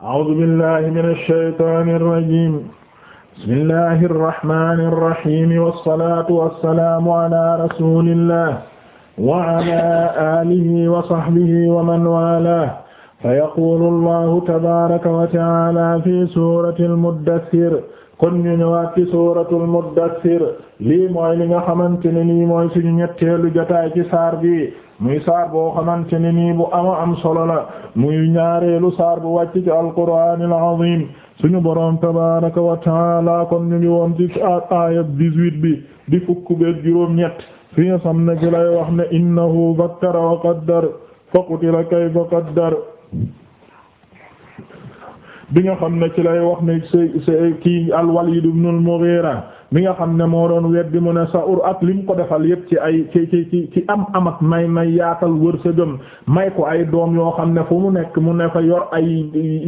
a'uuzu billahi mina shaytaani rajiim bismillahi rahmaani rahiim wassalaatu wassalaamu alaa rasuulillah wa alaa aalihi wa sahbihi wa man waalaahu fa yaquulu allahu tabaaraka wa ta'aalaa fi suuratil muddaththir kon ñu ñëwaat ci suuratul muddassir lii mooy li nga xamante ne nii mooy suñu ñetteelu jataay ci saar bi muy saar boo xamante ne nii bu ama am solo la muy ñaareelu saar bu wàcc ci alquraanil aziim suñu boroom tabaaraka wa taala kon ñu ngi woon ci aayab 18 bi di fukk beeg juróom-ñett fi nga xam ne ci lay wax ne innahu fakkara wa qaddar fa qutila kayfa qaddar bi nga xam ne ci lay wax ne say say kii al Walid ibn al Mughira mi nga xam ne moo doon weddi mu ne Sa'ur ak lim ko defal yëpp ci ay ci ci ci am am may may yaatal wërsëgam may ko ay doom yoo xam ne fu mu nekk mu ne fa yor ay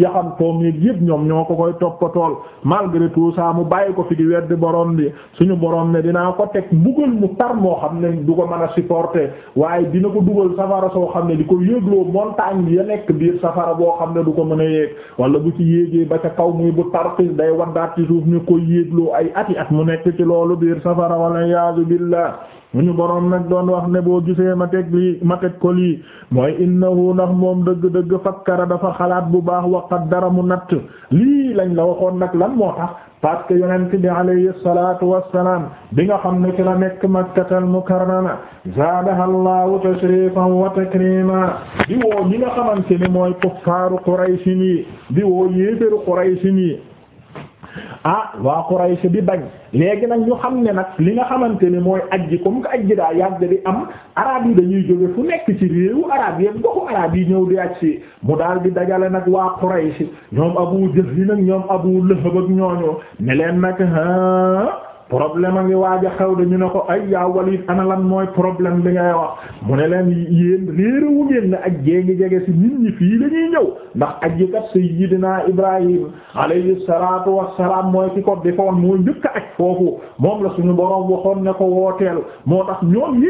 yaxam toom yi yëpp ñoom ñoo ko koy toppatool malgré tout ça mu bàyyi ko fi di weddi boroom bi suñu borom ne dinaa ko teg mbugal mu tar moo xam ne du ko man a supporter waaye dina ko dugal safara soo xam ne di ko yéegloo montagne bi ya nekk biir safara boo xam ne du ko mën a yéeg wala bu ci yéegee ba ca kaw muy bu tarxis day waddaat ci suuf ñu koy yéegloo ay ati at mu nekk ci loolu biir safara wala yaadu billah ñu boroom nag doon wax ne boo gisee ma teg lii ma teg ko lii mooy innahu ndax moom dëgg-dëgg fakkara dafa xalaat bu baax waqat dara mu natt lii lañ la waxoon nag lan moo tax parce que yonent bi alayhi salaatu wassalaam bi nga xam ne ci la nekk makkatal mukarrama zaadaha allahu tashrifan wa takrima di woo ñi nga xamante ne mooy kuffaaru quraysin yi di woo yéeféru quraysin yi ah waa Quraysh bi bañ léegi nag ñu xam ne nag li nga xamante ni mooy ajji comme que ajji daa yàgg di am arab yi dañuy jóge fu nekk ci réewu arab yi yëpp goxu yi ñëw di aj si mu daal di dajale nag waa Quraysh ñoom Abu Jahl nag ñoom Abu Lahab ak ñooñu ne leen nag ha problème a ngi waaj a xew de ñu ne ko ay yaa Walid ana lan mooy problème bi ngay wax mu ne leen yéen réeréwu ngeen ne ak ngi jege ci nit ñi fii lañuy ñëw ndax aji kat sayyidina Ibrahim alayhi salaatu wassalaam mooy ki ko defoon njëkk a aj moom la suñu borom waxoon ne ko wooteel moo tax ñoom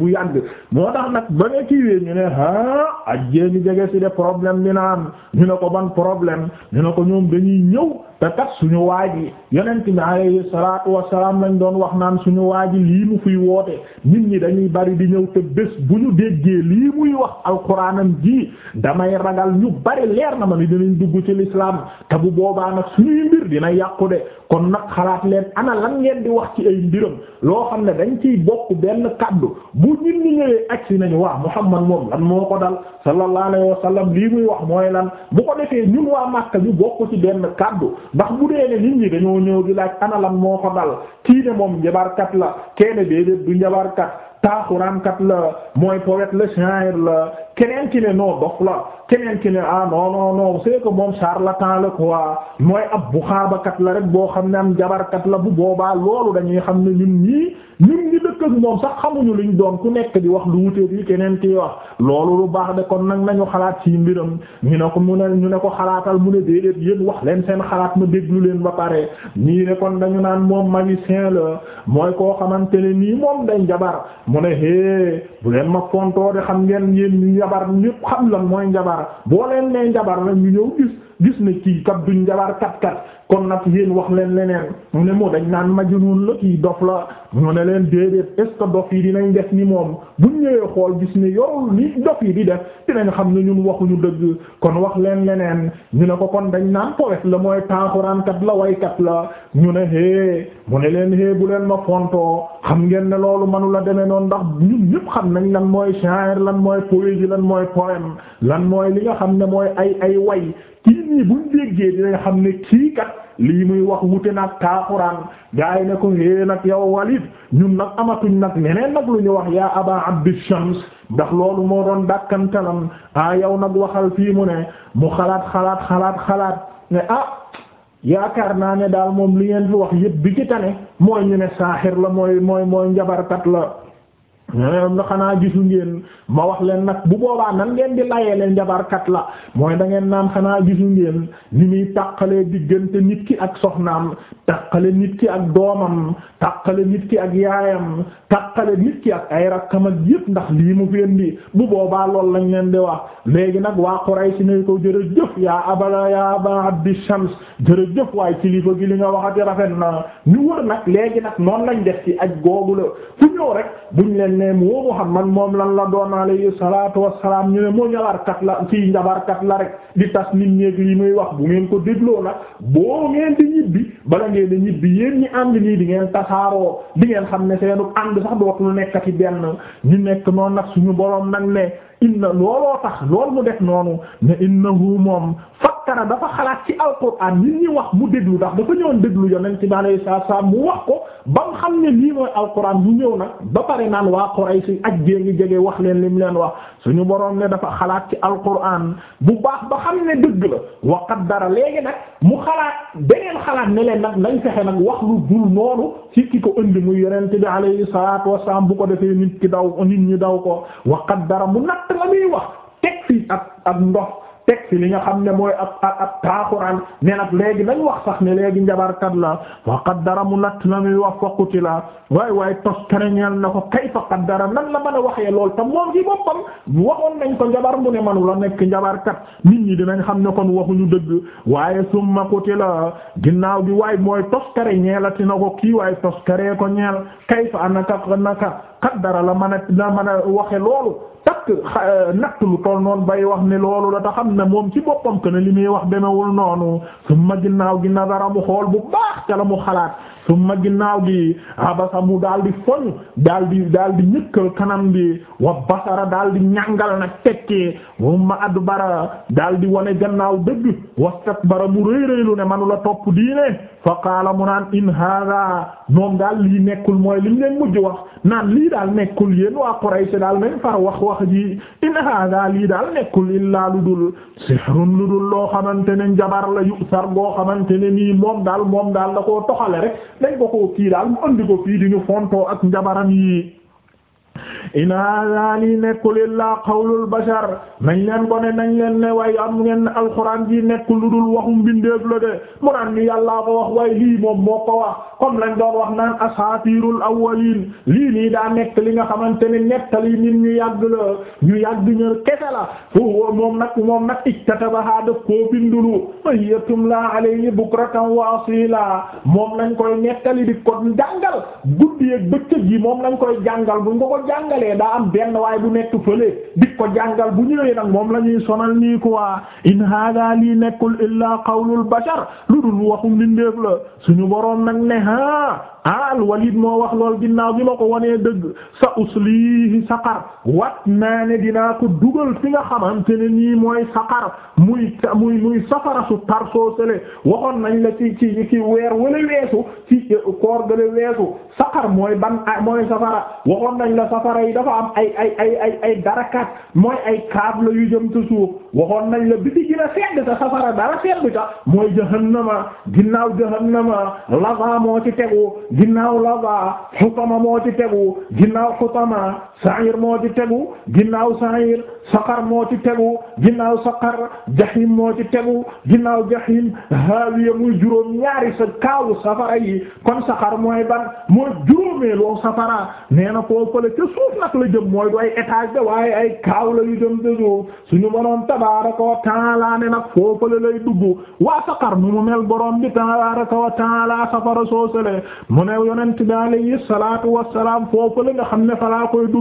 bu yàgg moo ba nga kiiwee ñu ne ah jege ci de problème dina am ñu ne ko ban problème ñu ne ko ñoom dañuy ñëw te kat suñu waaj yi salaatu wassalaam lañ doon wax naan suñu waa ji lii mu fiy woote nit ñi dañuy bari di ñëw te bés bu ñu déggee lii muy wax alxuraanam ji damay ragal ñu bari leer na ma ni dinañ dugg ci lislaam te bu boobaa nag suñuy mbir dina yàqu de kon nag xalaat leen ana lan ngeen di wax ci ay mbiram loo xam ne dañ ciy bokk benn kaddu bu nit ñi ñëwee agsi nañu waa Muhammad moom lan moo ko dal sallallahu alayhi wa sallam lii muy wax mooy lan bu ko defee ñun waa Makka ñu bokk ci benn kaddu ndax bu dee ne nit ñi dañoo ñëw di laaj ana lan moo ko dal kii moom njabarkat la kenn déedéet du njabarkat taaxuraankat la mooy poète la shaa'ir la keneen ki ne non dof la keneen ki ne ah non non non c'est que moom charlatan la quoi mooy ab bu xaabakat la rek boo xam ne am jabarkat la bu boobaa loolu dañuy xam ne ñun ñii ñun ñi dëkk moom sax xamuñu liñ doon ku nekk di wax lu wuteet yi keneen ki wax loolu lu baax de kon nag nañu xalaat ci mbiram ñu ne ko mu ne ñu ne ko xalaatal mu ne déedéet yéen wax leen seen xalaat ma déglu leen ba pare ñii ne kon dañu naan moom magicien la mooy koo xamante ne nii moom dañ jabar mu ne hé bu leen njabar ñépp xam lan mooy njabar boo leen nee njabar la ñu ñëw gis gis ne kii kat duñ njabar kat kat kon nag yéen wax leen leneen mu ne moo dañ naan majnun la kii dof la mu ne leen déedéet est ce dof yi dinañ def ni moom buñ ñëwee xool gis ni yow ni dof yi di def dinañ xam ne ñun waxuñu dëgg kon wax leen leneen ñu ne ko kon dañ naan poète la mooy taaxuraankat la kat la ñu ne hee mu ne leen hee bu leen ma fontoo xam ngeen ne loolu manu la demee noonu ndax ñun ñëpp xam nañ lan mooy shaa'ir lan mooy poésie lan mooy poème lan mooy li nga xam ne mooy ay ay way kii nii buñ déggee dinañ xam ne kii kat lii muy wax wute nag taaxuraan gaa yi ne ko hée nag yow Walid ñun nag amatuñ nag neneen nag lu ñu wax yaa aba abdi shams ndax loolu moo doon dàkkantalam ah yow nag waxal fii mu ne mu xalaat xalaat xalaat xalaat ah, yaakaar naa ne daal moom li ngeen fi wax yépp bi ci tane mooy ñu ne saaxir la mooy mooy mooy njabarkat la ñoom xanaa gisu ngeen ma wax leen nag bu boobaa nan ngeen di layee leen njabarkat la mooy da ngeen naan xanaa gisu ngeen ni muy tàqalee diggante nit ki ak soxnaam tàqale nit ki ak doomam tàqale nit ki ak yaayam tàqale nit ki ak ay rakkam ak yépp ndax lii mu feen di bu boobaa lool lañ leen di wax léegi nag waa Quraysh ne ko jërëjëf yaa abala yaa aba abdi shams jërëjëf waaye kilifa gi li nga waxati rafet na ñu wër nag léegi nag noonu lañ def ci aj googu la fu ñëw rek ne moo man moom lan la doon alayhi salaatu wassalaam ñu ne moo njabarkat la fii njabarkat la rek di tas nit ñeeg yi muy wax bu ngeen ko dégloo la boo ngeen di ñibbi bala ngeen di ñibbi yéen ñi ànd nii di ngeen tasaaroo di ngeen xam ne seenu ànd sax dootul nekkati benn ñu nekk noon nag suñu boroom nag ne inna looloo tax loolu mu def noonu ne innahu moom fakkara dafa xalaat ci alquran nit ñi wax mu déglu ndax dafa ñëwoon déglu yonent bi alayhi salaam mu wax ko ba xam ne lii mooy alquran mu ñëw nag ba pare naan waa Quraysh ak jéeg ngi jege wax leen lim leen wax suñu boroom ne dafa xalaat ci alquran bu baax ba xam ne dëgg la wa qaddara léegi nag mu xalaat beneen xalaat ne leen nag nañ fexe nag wax lu dul noonu ci ki ko indi muy yonent salaam bu ko defee nit ki daw nit ñi daw ko wa dara mu nag natt la muy ndox teg fi li nga xam ne mooy ab ab taaxuraan ne nag léegi nañ wax sax ne léegi njabarkat la wa qaddara mu natt la muy wax fa qutila waay waay tos kereñeel na ko kayfa qaddara nan la mën a waxee lool te nañ ko njabar mu ne manu la nekk njabarkat nit ñi dinañ xam ne kon waxuñu dëgg waaye summa qutila ginnaaw gi waay mooy tos kereñeelati na ko kii waaye tos keree ko ñeel kayfa anaka naka qaddara la mën la mën a waxe loolu takk euh, natt lu toll noonu bay wax ne loolu la te xam ne moom ci boppam que ne li muy wax demewul noonu su ma ginnaaw gi nazara mu xool bu baax ca la mu xalaat summa ginnaaw gi abasa mu dal di foñ dal di daal di ñëkkal kanam bi wa basara dal di ñàngal nag tekki summa adbara daal di wane gannaaw dëgg wastakbara mu réeréelu ne manu la topp diine fa qaala mu naan in hada moom daal lii nekkul mooy liñ leen mujj wax naan lii daal nekkul yéen waa Quraysh daal nañ far wax wax ji in hada lii daal nekkul illaa lu dul sihrun lu dul loo xamante ne nii moom daal moom daal da koo toxale rek dañ ko koo kii daal mu ko fii di ñu fontoo ak njabaram yi in hada lii nekkul illaa qawlul bashar nañ leen ko ne nañ leen ne waaye am ngeen alxuraan ji nekk lu dul waxu mbindeef la de mu naan ni yàllaa ko wax waaye lii moom moo ko wax comme lañ doon wax naan asaatiirul awwaliin lii nii daa nekk li nga xamante ne nettali nit ñu yàgg la ñu yàgg ñu kese la foofu moom nag moom nag iktatabahaa daf koo bindulu ayyatum laa alayhi bukratan wa asila moom lañ koy nettali di ko jàngal guddi ak bëccëg yi moom lañ koy jàngal buñ ko ko jàng jàngalee am benn bu nekk di ko jàngal bu ñëwee nag moom la ñuy sonal nii quoi in hada lii nekkul illaa qawlul bashar lu dul waxu mbindeef la suñu boroom nag ne ha al Walid moo wax lool ginnaaw bi ma ko wanee dëgg sa uslihi saqar wat naa ne dinaa ko dugal fi nga xamante ne nii mooy saqar muy muy muy safara su tar soo sele waxoon nañ la ci ci ci weer wala weesu ci koor gële weesu saqar mooy ban mooy safara waxoon nañ la safara yi dafa am ay ay ay ay ay darakat mooy ay câble yu jëm ci suuf waxoon nañ la bi di gën a sedd ta safara dara sedd ta mooy jahannama ginnaaw jahannama lava moo ci tegu ginnaaw lava xutama moo ci tegu ginaaw xutama sa'ir moo ci tegu ginnaaw sa'ir saqar moo ci tegu ginnaaw saqar jahim moo ci tegu ginnaaw jahim haawiya muy juróom ñaari sa kaawu safara yi kon saqar mooy ban mooy juróomeeloo safara nee na koo ca suuf nag la jëm mooy du ay étage de waaye ay kaaw la yu jëm de suuf suñu boroom tabaaraka wa ta'aala ne nag foo lay dugg waa saqar nu mu mel boroom bi tabaaraka wa ta'aala safara soosale mu ne yonent bi alayhi salaatu wa salaam foo fële nga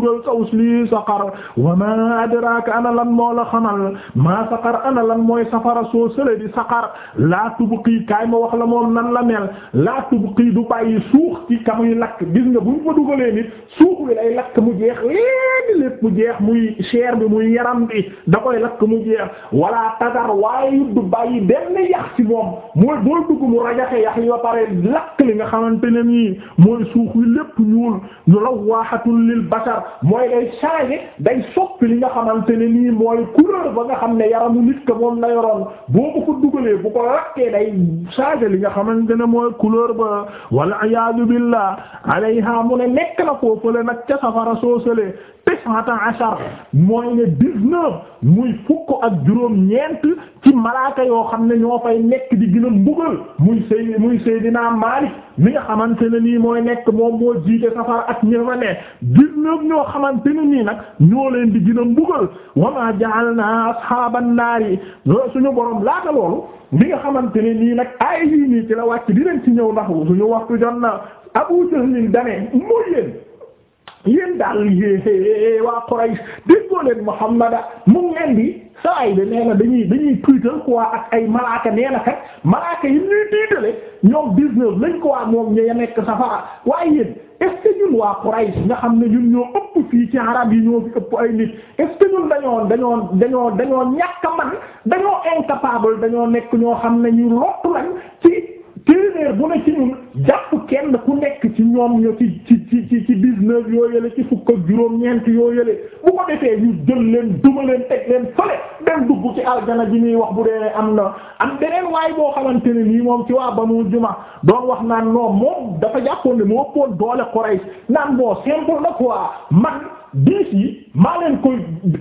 dugal kaw lii saqar wa ma adraka ana lan moo la xamal maa saqar ana lan mooy safara soo sële di saqar laa tubqi kaay ma la moom nan la mel laa tubqi du bàyyi suux ci ka muy lakk gis nga bu ñu fa dugalee nit suux bi lay lakk mu jeex léegi lépp mu muy chair bi muy yaram bi da koy lakk mu jeex wala tagar waaye du bàyyi benn yax ci moom mooy boo dugg mu rajaxe yax yi li nga xamante ne nii mooy suux wi lépp basar mooy day changer day soppi li nga xamante ne nii mooy couleur ba nga xam ne yaramu nit ko moom la yoroon boobu ko dugalee bu ko rakkee day changer li nga xamante ne mooy couleur ba wal iyaadu billah alayha mu ne nekk na foofale nag ca safara soosale tis'ata ashar mooy ne dix-neuf muy fukk ak juróom ñeent ci malaaka yoo xam ne ñoo fay nekk di gën a mbugal muy sëy muy Seydina Maalik mi nga xamante ne nii mooy nekk moom moo jiite safara ak ñi fa ne dix ñoo xamante ne nii nag ñoo leen di gën a mbugal wa ma ja'alna ashaaban naari suñu borom laata loolu li nga xamante ne nii nag ay yii nii ci la wàcc di leen ci ñëw ndax suñu waxtu jot na Abu Jahl ni dane mooy yéen yéen daal yéé waa Quraysh déggoo leen Muhammada mu ngi leen di sawaay de nee dañuy dañuy tiital quoi ak ay malaaka nee na kat malaaka yi ñuy tiitale ñoom 19 lañ ko waa moom ña nekk safara waaye yéen est-ce que ñun waa nga xam ne ñun ñoo ëpp fii ci arab yi ñoo fi ëpp ay nit est-ce que ñun dañoo dañoo dañoo dañoo ñàkk a man dañoo incapable dañoo nekk ñoo xam ne ñu lottu lañ bu ne ci ñun jàpp kenn ku nekk ci ñoom ñoo ci ci ci ci dix-neuf yoo yële ci fukk juróom-ñeent yoo yële bu ko defee ñu jël leen duma leen teg leen fële dem dugg ci aljana ji ñuy wax bu dee am na am beneen waay boo xamante ne nii moom ci waa banu juma doon wax naan non moom dafa jàppoon ne moo ëppoon doole Quraysh naan boo simple na quoi man. diis yi maa leen koy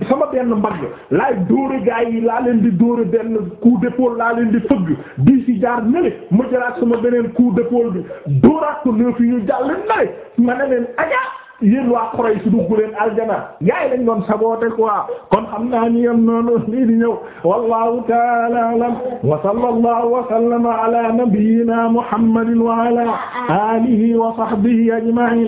sama benn mbagg laay dóore gaa yi di dóore benn coup d'épaule laa leen di fëgg diis yi jaar nele ma jëlaat sama beneen coup d'épaule bi dóoraat ko neuf yi ñu jàll nele ma ne leen ajaa yéen waa Quraysh si dugg leen aljana gaa yi lañ doon saboote kon xam naa ñu yem noonu lii di ñëw wallahu ta'ala a'lam wa sallallahu wa sallama ala nabiyyina muhammadin wa wa sahbihi ajma'in